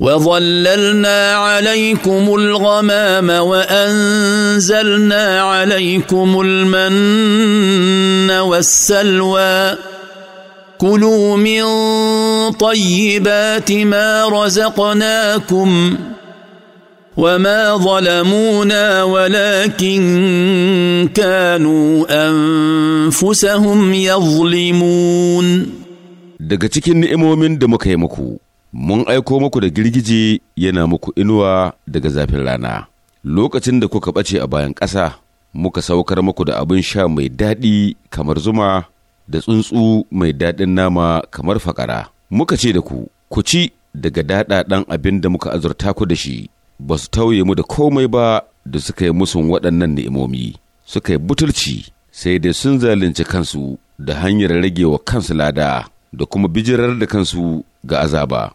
وظللنا عليكم الغمام وانزلنا عليكم المن والسلوى كلوا من طيبات ما رزقناكم وما ظلمونا ولكن كانوا انفسهم يظلمون daga cikin ni'imomin da muka Mun aiko muku da girgije yana muku inuwa daga zafin rana. Lokacin da kuka ɓace a bayan ƙasa, muka saukar muku da abin sha mai daɗi kamar zuma da tsuntsu mai daɗin nama kamar fakara. Muka ce da ku, ku ci daga daɗaɗan abin da muka azurta ku da shi, ba su tauye mu da komai ba da suka yi musu waɗannan ni'imomi, suka yi butulci sai dai sun zalunci kansu da hanyar ragewa kansu lada da kuma bijirar da kansu ga azaba.